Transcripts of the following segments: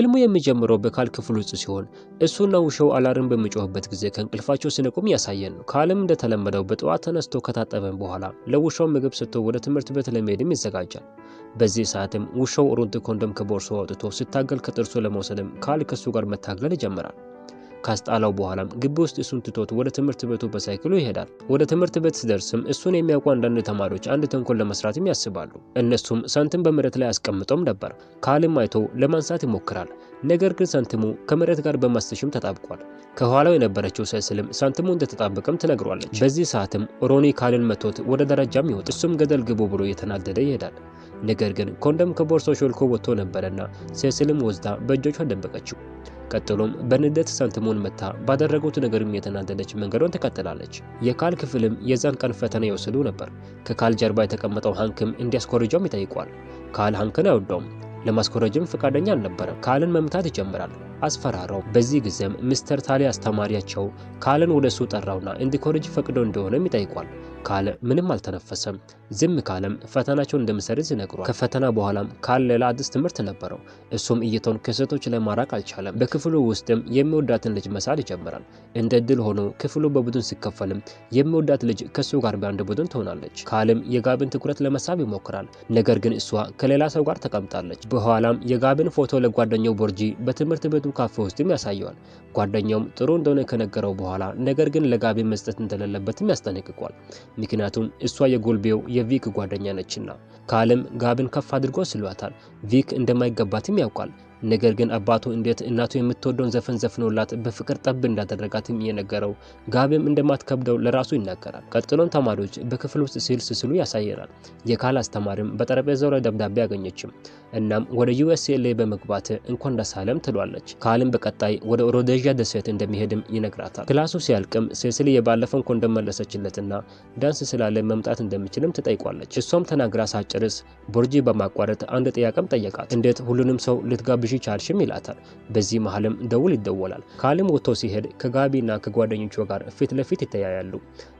ፊልሙ የሚጀምረው በካል ክፍል ውስጥ ሲሆን እሱና ውሻው አላርን በሚጮህበት ጊዜ ከእንቅልፋቸው ሲነቁም ያሳየን ነው። ካልም እንደተለመደው በጠዋት ተነስቶ ከታጠበን በኋላ ለውሻው ምግብ ሰጥቶ ወደ ትምህርት ቤት ለመሄድም ይዘጋጃል። በዚህ ሰዓትም ውሻው ሩንት ኮንዶም ከቦርሶ አውጥቶ ሲታገል ከጥርሱ ለመውሰድም ካል ከሱ ጋር መታገል ይጀምራል። ካስጣለው በኋላም ግቢ ውስጥ እሱን ትቶት ወደ ትምህርት ቤቱ በሳይክሉ ይሄዳል። ወደ ትምህርት ቤት ሲደርስም እሱን የሚያውቁ አንዳንድ ተማሪዎች አንድ ተንኮል ለመስራትም ያስባሉ። እነሱም ሳንቲም በመሬት ላይ አስቀምጦም ነበር። ካልም አይቶ ለማንሳት ይሞክራል። ነገር ግን ሳንቲሙ ከመሬት ጋር በማስተሽም ተጣብቋል። ከኋላው የነበረችው ሰስልም ሳንቲሙ እንደተጣበቀም ትነግሯለች። በዚህ ሰዓትም ሮኒ ካልን መቶት ወደ ደረጃም ይወጣል። እሱም ገደል ግቡ ብሎ እየተናደደ ይሄዳል። ነገር ግን ኮንደም ከቦርሳው ሾልኮ ወጥቶ ነበረና ሴሲልም ወስዳ በእጆቿ ደበቀችው። ቀጥሎም በንደት ሳንትሞን መታ ባደረጉት ነገርም የተናደደች መንገዷን ተከትላለች። የካል ክፍልም የዛን ቀን ፈተና ይወስዱ ነበር። ከካል ጀርባ የተቀመጠው ሃንክም እንዲያስኮርጃውም ይጠይቋል። ካል ሃንክን አይወደውም። ለማስኮረጅም ፈቃደኛ አልነበረም። ካልን መምታት ይጀምራል፣ አስፈራራው። በዚህ ጊዜም ሚስተር ታሊ አስተማሪያቸው ካልን ወደ እሱ ጠራውና እንዲኮርጅ ፈቅዶ እንደሆነም ይጠይቋል። ካለ ምንም አልተነፈሰም። ዝም ካለም ፈተናቸውን እንደምሰርዝ ይነግሯል። ከፈተና በኋላም ካል ሌላ አዲስ ትምህርት ነበረው። እሱም እይታውን ከሴቶች ላይ ማራቅ አልቻለም። በክፍሉ ውስጥም የሚወዳትን ልጅ መሳል ይጀምራል። እንደ እድል ሆኖ ክፍሉ በቡድን ሲከፈልም የሚወዳት ልጅ ከእሱ ጋር በአንድ ቡድን ትሆናለች። ካልም የጋቢን ትኩረት ለመሳብ ይሞክራል። ነገር ግን እሷ ከሌላ ሰው ጋር ተቀምጣለች። በኋላም የጋቢን ፎቶ ለጓደኛው ቦርጂ በትምህርት ቤቱ ካፌ ውስጥም ያሳየዋል። ጓደኛውም ጥሩ እንደሆነ ከነገረው በኋላ ነገር ግን ለጋቢ መስጠት እንደሌለበትም ያስጠነቅቋል። ምክንያቱም እሷ የጎልቤው የቪክ ጓደኛ ነችና። ካለም ጋብን ከፍ አድርጎ ስሏታል። ቪክ እንደማይገባትም ያውቃል። ነገር ግን አባቱ እንዴት እናቱ የምትወደውን ዘፈን ዘፍኖላት በፍቅር ጠብ እንዳደረጋትም የነገረው ጋቢም እንደማትከብደው ለራሱ ይናገራል። ቀጥሎም ተማሪዎች በክፍል ውስጥ ሲል ስስሉ ያሳየናል። የካል አስተማሪም በጠረጴዛው ላይ ደብዳቤ አገኘችም። እናም ወደ ዩኤስኤልኤ በመግባት እንኳን ደስ አለም ትሏለች። ካልም በቀጣይ ወደ ሮዴዥያ ደሴት እንደሚሄድም ይነግራታል። ክላሱ ሲያልቅም ሴሲሊ የባለፈውን ኮንዶም መለሰችለትና ዳንስ ስላለ መምጣት እንደሚችልም ትጠይቋለች። እሷም ተናግራ ሳጭርስ ቦርጂ በማቋረጥ አንድ ጥያቄም ጠየቃት። እንዴት ሁሉንም ሰው ልትጋብ ግዢ ቻልሽም ይላታል። በዚህ መሀልም ደውል ይደወላል። ከአለም ወጥቶ ሲሄድ ከጋቢና ከጓደኞቿ ጋር ፊት ለፊት ይተያያሉ።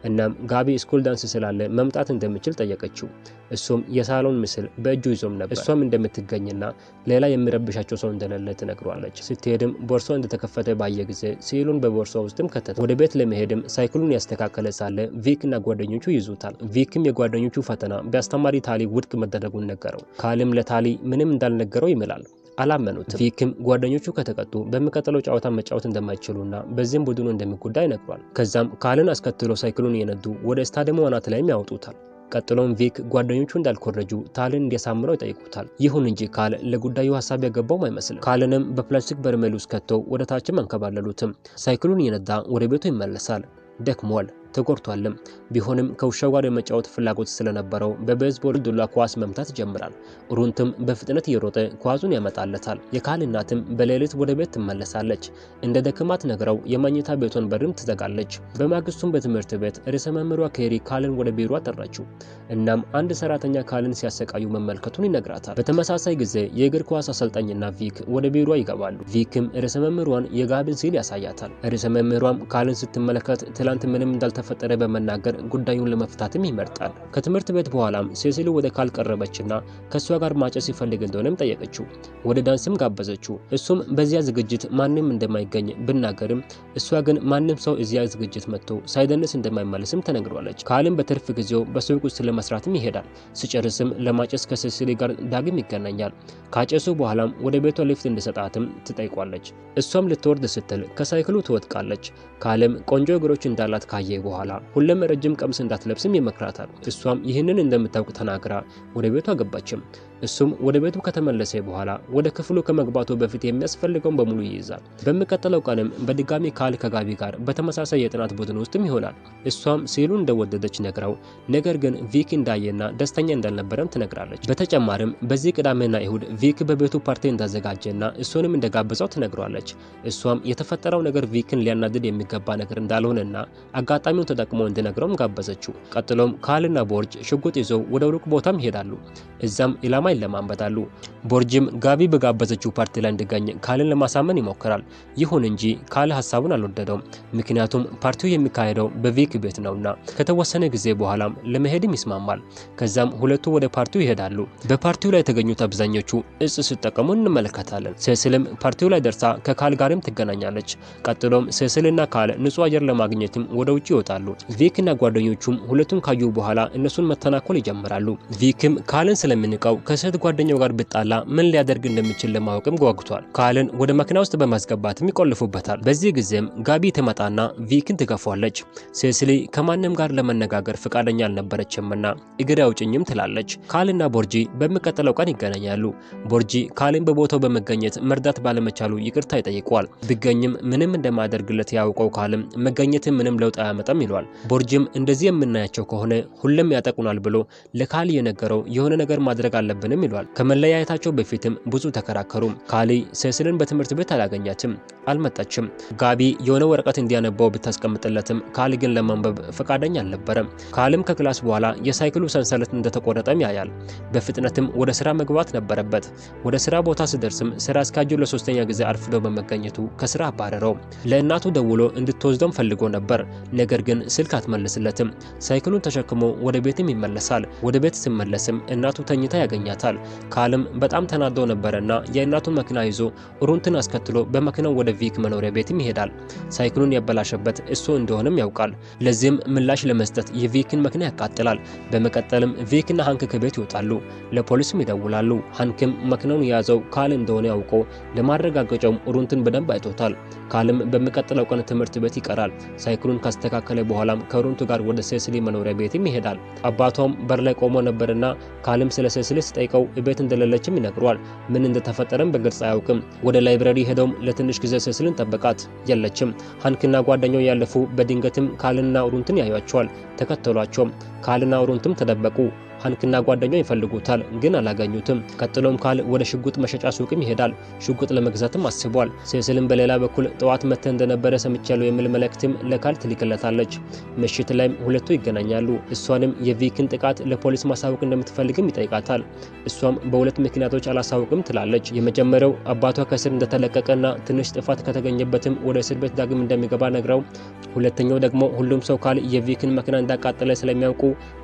እናም ጋቢ ስኩል ዳንስ ስላለ መምጣት እንደምችል ጠየቀችው። እሱም የሳሎን ምስል በእጁ ይዞም ነበር። እሷም እንደምትገኝና ሌላ የሚረብሻቸው ሰው እንደሌለ ትነግሯለች። ስትሄድም ቦርሶ እንደተከፈተ ባየ ጊዜ ስዕሉን በቦርሶ ውስጥም ከተተ። ወደ ቤት ለመሄድም ሳይክሉን ያስተካከለ ሳለ ቪክ ጓደኞቹ ይዙታል። ቪክም የጓደኞቹ ፈተና በአስተማሪ ታሊ ውድቅ መደረጉን ነገረው። ካለም ለታሊ ምንም እንዳልነገረው ይምላል። አላመኑትም። ፊክም ጓደኞቹ ከተቀጡ በሚቀጥለው ጨዋታ መጫወት እንደማይችሉና በዚህም ቡድኑ እንደሚጎዳ ይነግሯል። ከዛም ካልን አስከትሎ ሳይክሉን እየነዱ ወደ ስታዲየሙ አናት ላይም ያወጡታል። ቀጥሎም ቪክ ጓደኞቹ እንዳልኮረጁ ታልን እንዲያሳምነው ይጠይቁታል። ይሁን እንጂ ካል ለጉዳዩ ሀሳብ ያገባውም አይመስልም። ካልንም በፕላስቲክ በርሜል ውስጥ ከተው ወደ ታችም አንከባለሉትም። ሳይክሉን እየነዳ ወደ ቤቱ ይመለሳል። ደክሟል። ተጎድቷልም። ቢሆንም ከውሻው ጋር የመጫወት ፍላጎት ስለነበረው በቤዝቦል ዱላ ኳስ መምታት ይጀምራል። ሩንትም በፍጥነት እየሮጠ ኳዙን ያመጣለታል። የካል እናትም በሌሊት ወደ ቤት ትመለሳለች። እንደ ደክማት ነግረው የመኝታ ቤቱን በርም ትዘጋለች። በማግስቱም በትምህርት ቤት ርዕሰ መምህሯ ኬሪ ካልን ወደ ቢሮ አጠራችው። እናም አንድ ሰራተኛ ካልን ሲያሰቃዩ መመልከቱን ይነግራታል። በተመሳሳይ ጊዜ የእግር ኳስ አሰልጣኝና ቪክ ወደ ቢሮ ይገባሉ። ቪክም ርዕሰ መምህሯን የጋብን ሲል ያሳያታል። ርዕሰ መምህሯም ካልን ስትመለከት ትላንት ምንም እንዳልተፈ እንደተፈጠረ በመናገር ጉዳዩን ለመፍታትም ይመርጣል። ከትምህርት ቤት በኋላም ሴሲል ወደ ካል ቀረበችና ከእሷ ጋር ማጨስ ይፈልግ እንደሆነም ጠየቀችው። ወደ ዳንስም ጋበዘችው። እሱም በዚያ ዝግጅት ማንም እንደማይገኝ ብናገርም እሷ ግን ማንም ሰው እዚያ ዝግጅት መጥቶ ሳይደንስ እንደማይመለስም ተነግሯለች። ካልም በትርፍ ጊዜው በሱቅ ውስጥ ለመስራትም ይሄዳል። ስጨርስም ለማጨስ ከሴሲሊ ጋር ዳግም ይገናኛል። ካጨሱ በኋላም ወደ ቤቷ ሊፍት እንዲሰጣትም ትጠይቋለች። እሷም ልትወርድ ስትል ከሳይክሉ ትወጥቃለች። ካልም ቆንጆ እግሮች እንዳላት ካየ በኋላ ሁለም ረጅም ቀሚስ እንዳትለብስም ይመክራታል። እሷም ይህንን እንደምታውቅ ተናግራ ወደ ቤቷ ገባችም። እሱም ወደ ቤቱ ከተመለሰ በኋላ ወደ ክፍሉ ከመግባቱ በፊት የሚያስፈልገውን በሙሉ ይይዛል። በሚቀጥለው ቀንም በድጋሚ ካል ከጋቢ ጋር በተመሳሳይ የጥናት ቡድን ውስጥም ይሆናል። እሷም ሲሉ እንደወደደች ነግረው፣ ነገር ግን ቪክ እንዳየና ደስተኛ እንዳልነበረም ትነግራለች። በተጨማሪም በዚህ ቅዳሜና እሁድ ቪክ በቤቱ ፓርቲ እንዳዘጋጀና እሱንም እንደጋበዛው ትነግሯለች። እሷም የተፈጠረው ነገር ቪክን ሊያናድድ የሚገባ ነገር እንዳልሆነና አጋጣሚውን ተጠቅሞ እንዲነግረውም ጋበዘችው። ቀጥሎም ካልና ቦርጅ ሽጉጥ ይዘው ወደ ሩቅ ቦታም ይሄዳሉ። እዛም ኢላማ በድራማ ይለማንበታሉ። ቦርጅም ጋቢ በጋበዘችው ፓርቲ ላይ እንዲገኝ ካልን ለማሳመን ይሞክራል። ይሁን እንጂ ካል ሀሳቡን አልወደደውም። ምክንያቱም ፓርቲው የሚካሄደው በቪክ ቤት ነውና። ከተወሰነ ጊዜ በኋላም ለመሄድም ይስማማል። ከዛም ሁለቱ ወደ ፓርቲው ይሄዳሉ። በፓርቲው ላይ የተገኙት አብዛኞቹ እጽ ሲጠቀሙ እንመለከታለን። ሴስልም ፓርቲው ላይ ደርሳ ከካል ጋርም ትገናኛለች። ቀጥሎም ሴስልና ካል ንጹህ አየር ለማግኘትም ወደ ውጭ ይወጣሉ። ቪክና ጓደኞቹም ሁለቱን ካዩ በኋላ እነሱን መተናኮል ይጀምራሉ። ቪክም ካልን ስለምንቀው ከሴት ጓደኛው ጋር ብጣላ ምን ሊያደርግ እንደሚችል ለማወቅም ጓጉቷል። ካልን ወደ መኪና ውስጥ በማስገባትም ይቆልፉበታል። በዚህ ጊዜም ጋቢ ትመጣና ቪክን ትገፏለች። ሴስሊ ከማንም ጋር ለመነጋገር ፈቃደኛ አልነበረችምና እግሬ አውጭኝም ትላለች። ካልና ቦርጂ በሚቀጥለው ቀን ይገናኛሉ። ቦርጂ ካልን በቦታው በመገኘት መርዳት ባለመቻሉ ይቅርታ ይጠይቋል። ቢገኝም ምንም እንደማያደርግለት ያውቀው ካልም መገኘትን ምንም ለውጥ አያመጣም ይሏል። ቦርጂም እንደዚህ የምናያቸው ከሆነ ሁሌም ያጠቁናል ብሎ ለካል የነገረው የሆነ ነገር ማድረግ አለበት አልሆንም ይሏል። ከመለያየታቸው በፊትም ብዙ ተከራከሩ። ካሊ ሴስልን በትምህርት ቤት አላገኛትም፣ አልመጣችም። ጋቢ የሆነ ወረቀት እንዲያነባው ብታስቀምጥለትም ካሊ ግን ለማንበብ ፈቃደኛ አልነበረም። ካልም ከክላስ በኋላ የሳይክሉ ሰንሰለት እንደተቆረጠም ያያል። በፍጥነትም ወደ ስራ መግባት ነበረበት። ወደ ስራ ቦታ ስደርስም ስራ አስኪያጁ ለሶስተኛ ጊዜ አርፍዶ በመገኘቱ ከስራ አባረረው። ለእናቱ ደውሎ እንድትወስደውም ፈልጎ ነበር። ነገር ግን ስልክ አትመልስለትም። ሳይክሉን ተሸክሞ ወደ ቤትም ይመለሳል። ወደ ቤት ሲመለስም እናቱ ተኝታ ያገኛል። ይላታል። ካልም በጣም ተናዶ ነበረና የእናቱን መኪና ይዞ ሩንትን አስከትሎ በመኪናው ወደ ቪክ መኖሪያ ቤትም ይሄዳል። ሳይክሉን ያበላሸበት እሱ እንደሆነም ያውቃል። ለዚህም ምላሽ ለመስጠት የቪክን መኪና ያቃጥላል። በመቀጠልም ቪክና ሃንክ ከቤት ይወጣሉ። ለፖሊስም ይደውላሉ። ሃንክም መኪናውን የያዘው ካል እንደሆነ ያውቆ ለማረጋገጫውም ሩንትን በደንብ አይቶታል። ካልም በሚቀጥለው ቀን ትምህርት ቤት ይቀራል። ሳይክሉን ካስተካከለ በኋላም ከሩንቱ ጋር ወደ ሴስሊ መኖሪያ ቤትም ይሄዳል። አባቷም በር ላይ ቆሞ ነበርና ካልም ስለ ሴስሊ ሲጠይቀው እቤት እንደሌለችም ይነግሯል። ምን እንደተፈጠረም በግልጽ አያውቅም። ወደ ላይብረሪ ሄደውም ለትንሽ ጊዜ ስስልን ጠበቃት፣ የለችም። ሀንክና ጓደኛው ያለፉ በድንገትም ካልና ሩንትን ያዩቸዋል። ተከተሏቸውም። ካልና ሩንትም ተደበቁ። ሀንክና ጓደኛው ይፈልጉታል፣ ግን አላገኙትም። ቀጥሎም ካል ወደ ሽጉጥ መሸጫ ሱቅም ይሄዳል። ሽጉጥ ለመግዛትም አስቧል። ሴስልም በሌላ በኩል ጠዋት መተን እንደነበረ ሰምቻለሁ የሚል መልእክትም ለካል ትልክለታለች። ምሽት ላይም ሁለቱ ይገናኛሉ። እሷንም የቪክን ጥቃት ለፖሊስ ማሳወቅ እንደምትፈልግም ይጠይቃታል። እሷም በሁለት ምክንያቶች አላሳውቅም ትላለች። የመጀመሪያው አባቷ ከእስር እንደተለቀቀና ትንሽ ጥፋት ከተገኘበትም ወደ እስር ቤት ዳግም እንደሚገባ ነግረው፣ ሁለተኛው ደግሞ ሁሉም ሰው ካል የቪክን መኪና እንዳቃጠለ ስለሚያውቁ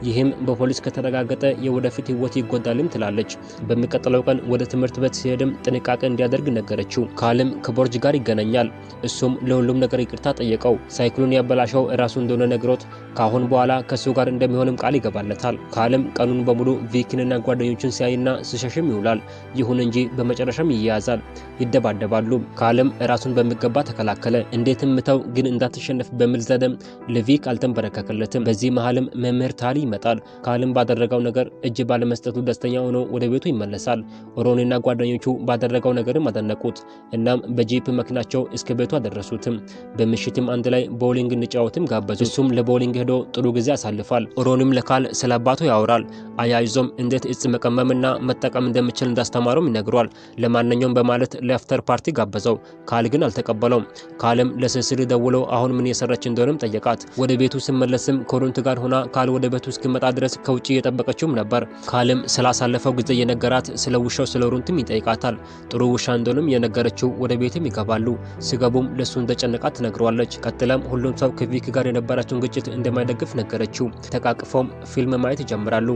ይህም በፖሊስ ከተረጋ ከተረጋገጠ የወደፊት ህይወት ይጎዳልም ትላለች። በሚቀጥለው ቀን ወደ ትምህርት ቤት ሲሄድም ጥንቃቄ እንዲያደርግ ነገረችው። ካለም ከቦርጅ ጋር ይገናኛል። እሱም ለሁሉም ነገር ይቅርታ ጠየቀው። ሳይክሉን ያበላሸው ራሱ እንደሆነ ነግሮት ካሁን በኋላ ከሱ ጋር እንደሚሆንም ቃል ይገባለታል። ከአለም ቀኑን በሙሉ ቪኪንና ጓደኞችን ሲያይና ሲሸሽም ይውላል። ይሁን እንጂ በመጨረሻም ይያያዛል፣ ይደባደባሉ። ካለም ራሱን በሚገባ ተከላከለ። እንዴትም ምተው ግን እንዳትሸነፍ በሚል ዘደም ለቪክ አልተንበረከከለትም። በዚህ መሀልም መምህር ታሊ ይመጣል። ካለም ባደረገው ባደረገው ነገር እጅ ባለመስጠቱ ደስተኛ ሆኖ ወደ ቤቱ ይመለሳል። ሮኒና ጓደኞቹ ባደረገው ነገርም አደነቁት። እናም በጂፕ መኪናቸው እስከ ቤቱ አደረሱትም። በምሽትም አንድ ላይ ቦሊንግ እንጫወትም ጋበዙ። እሱም ለቦሊንግ ሄዶ ጥሩ ጊዜ አሳልፋል። ሮኒም ለካል ስለ አባቱ ያወራል። አያይዞም እንዴት እጽ መቀመምና መጠቀም እንደምችል እንዳስተማሩም ይነግሯል። ለማንኛውም በማለት ለአፍተር ፓርቲ ጋበዘው። ካል ግን አልተቀበለውም። ካልም ለስስል ደውሎ አሁን ምን የሰራች እንደሆነም ጠየቃት። ወደ ቤቱ ስመለስም ከሮንት ጋር ሆና ካል ወደ ቤቱ እስኪመጣ ድረስ ከውጭ የጠበቀ አልጠበቀችውም ነበር። ካልም ስላሳለፈው ጊዜ የነገራት ስለ ውሻው ስለ ሩንትም ይጠይቃታል። ጥሩ ውሻ እንደሆነም የነገረችው ወደ ቤትም ይገባሉ። ስገቡም ለሱ እንደጨነቃ ትነግረዋለች። ቀጥለም ሁሉም ሰው ከቪክ ጋር የነበራቸውን ግጭት እንደማይደግፍ ነገረችው። ተቃቅፈውም ፊልም ማየት ይጀምራሉ።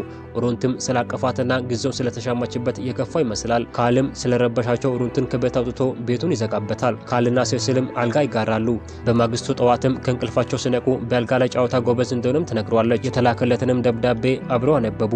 ሩንትም ስላቀፋትና ጊዜው ስለተሻማችበት የከፋ ይመስላል። ካልም ስለረበሻቸው ሩንትን ከቤት አውጥቶ ቤቱን ይዘጋበታል። ካልና ሴስልም አልጋ ይጋራሉ። በማግስቱ ጠዋትም ከእንቅልፋቸው ሲነቁ በአልጋ ላይ ጨዋታ ጎበዝ እንደሆነም ትነግሯለች። የተላከለትንም ደብዳቤ አብረው አነበ ተከበቡ።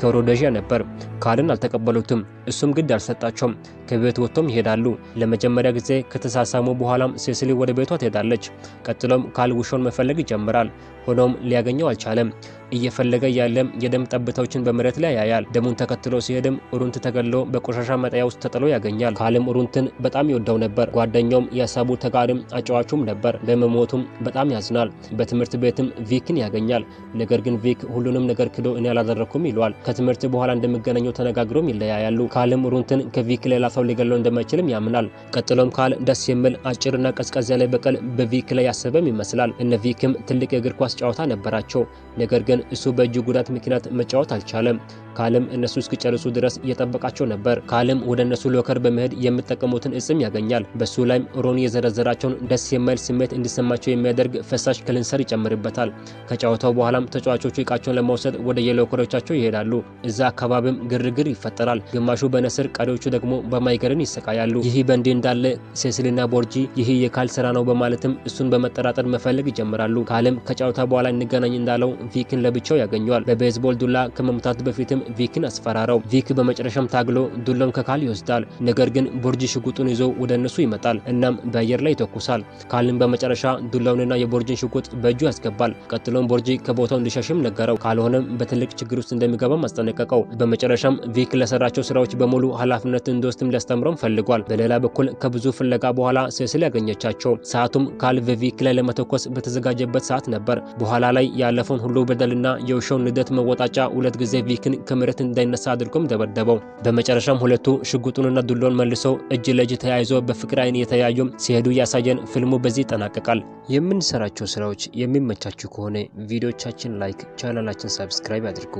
ከሮደዣ ነበር። ካልን አልተቀበሉትም። እሱም ግድ አልሰጣቸውም። ከቤት ወጥቶም ይሄዳሉ። ለመጀመሪያ ጊዜ ከተሳሳሙ በኋላም ሴሲሊ ወደ ቤቷ ትሄዳለች። ቀጥሎም ካል ውሾን መፈለግ ይጀምራል። ሆኖም ሊያገኘው አልቻለም። እየፈለገ ያለም የደም ጠብታዎችን በመሬት ላይ ያያል። ደሙን ተከትሎ ሲሄድም ሩንት ተገሎ በቆሻሻ መጣያ ውስጥ ተጥሎ ያገኛል። ካልም ሩንትን በጣም ይወደው ነበር። ጓደኛውም የሀሳቡ ተጋሪም አጫዋቹም ነበር። በመሞቱም በጣም ያዝናል። በትምህርት ቤትም ቪክን ያገኛል። ነገር ግን ቪክ ሁሉንም ነገር ክዶ እኔ አላደረኩም ይለዋል። ከትምህርት በኋላ እንደሚገናኘው ተነጋግሮም ይለያያሉ። ካልም ሩንትን ከቪክ ክላይ ላሳው ሊገለው እንደማይችልም ያምናል። ቀጥሎም ካል ደስ የሚል አጭርና ቀዝቀዝ ያለ በቀል በቪ ያሰበም ይመስላል። እነ ቪክም ትልቅ የእግር ኳስ ጨዋታ ነበራቸው። ነገር ግን እሱ በእጅ ጉዳት ምክንያት መጫወት አልቻለም። ካልም እነሱ እስኪጨርሱ ድረስ እየጠበቃቸው ነበር። ካልም ወደ እነሱ ሎከር በመሄድ የምጠቀሙትን እጽም ያገኛል። በሱ ላይም ሮኒ የዘረዘራቸውን ደስ የማይል ስሜት እንዲሰማቸው የሚያደርግ ፈሳሽ ክልንሰር ይጨምርበታል። ከጨዋታው በኋላም ተጫዋቾቹ እቃቸውን ለመውሰድ ወደ የሎከሮቻቸው ይሄዳሉ። እዛ አካባቢም ግርግር ይፈጠራል። ግማሹ በነስር ቀሪዎቹ ደግሞ በማይገርን ይሰቃያሉ። ይህ በእንዲህ እንዳለ ሴሲልና ቦርጂ ይህ የካል ስራ ነው በማለትም እሱን በመጠራጠር መፈለግ ይጀምራሉ። ካልም ከጨዋታ በኋላ እንገናኝ እንዳለው ቪክን ለብቻው ያገኘዋል። በቤዝቦል ዱላ ከመምታት በፊትም ቪክን አስፈራረው። ቪክ በመጨረሻም ታግሎ ዱላውን ከካል ይወስዳል። ነገር ግን ቦርጂ ሽጉጡን ይዞ ወደ እነሱ ይመጣል። እናም በአየር ላይ ይተኩሳል። ካልም በመጨረሻ ዱላውንና የቦርጂን ሽጉጥ በእጁ ያስገባል። ቀጥሎም ቦርጂ ከቦታው እንዲሸሽም ነገረው። ካልሆነም በትልቅ ችግር ውስጥ እንደሚገባም አስጠነቀቀው። በመጨረሻም ቪክ ለሰራቸው ስራዎች በሙሉ ኃላፊነት እንደወስድም ሊያስተምረውም ፈልጓል። በሌላ በኩል ከብዙ ፍለጋ በኋላ ሴሲል ያገኘቻቸው። ሰዓቱም ካልቬቪክ ላይ ለመተኮስ በተዘጋጀበት ሰዓት ነበር። በኋላ ላይ ያለፈውን ሁሉ በደልና የውሻውን ንደት መወጣጫ ሁለት ጊዜ ቪክን ከመሬት እንዳይነሳ አድርጎም ደበደበው። በመጨረሻም ሁለቱ ሽጉጡንና ዱሎን መልሰው እጅ ለእጅ ተያይዞ በፍቅር አይን የተያዩም ሲሄዱ ያሳየን ፊልሙ በዚህ ይጠናቀቃል። የምንሰራቸው ስራዎች የሚመቻችሁ ከሆነ ቪዲዮቻችን ላይክ፣ ቻናላችን ሰብስክራይብ አድርጉ።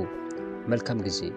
መልካም ጊዜ